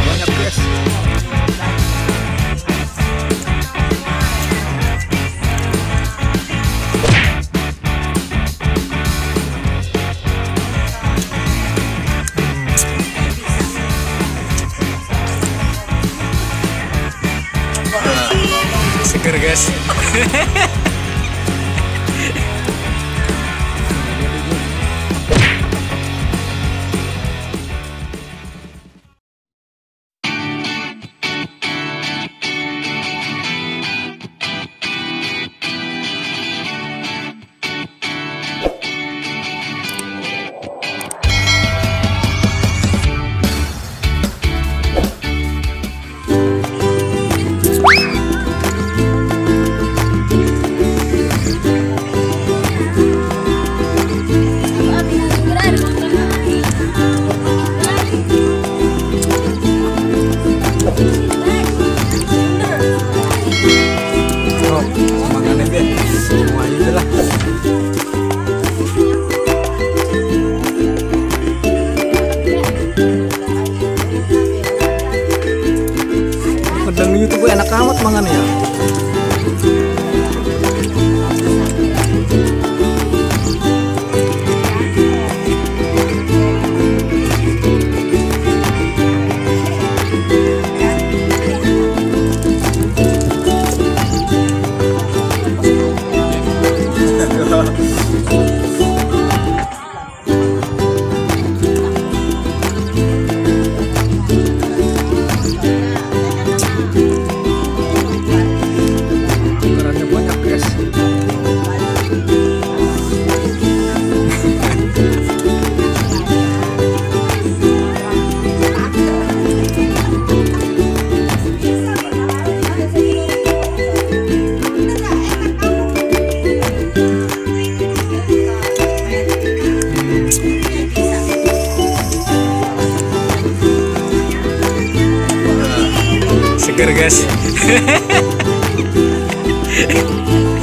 banyak banget guys hmm. Seger guys kalau makannya deh semuanya aja lah pedang itu gue enak amat ya. guys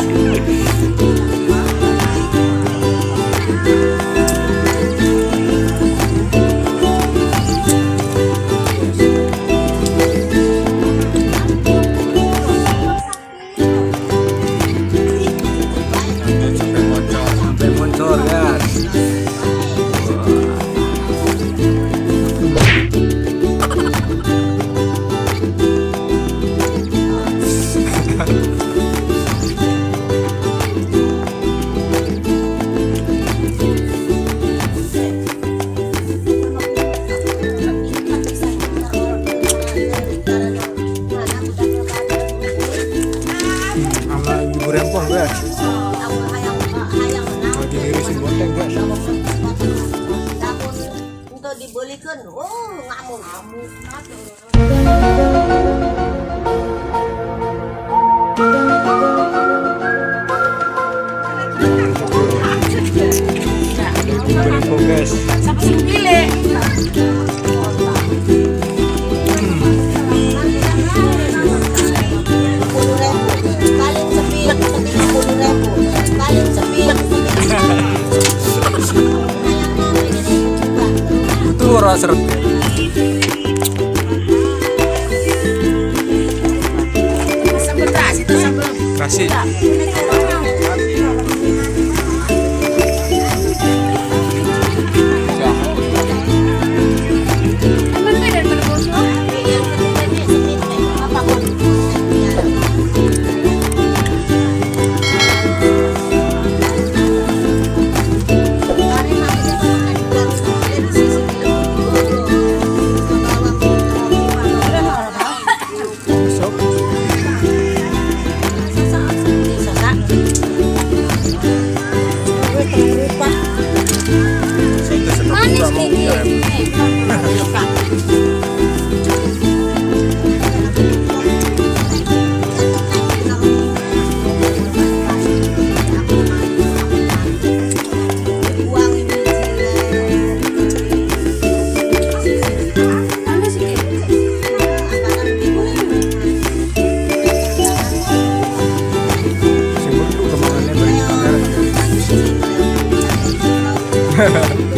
rempong oh, nah, guys lagi ngirisin bonteng guys untuk dibolikan oh ngamu ngamu, Guys. Sampai sini pilih. pura seret kasih Música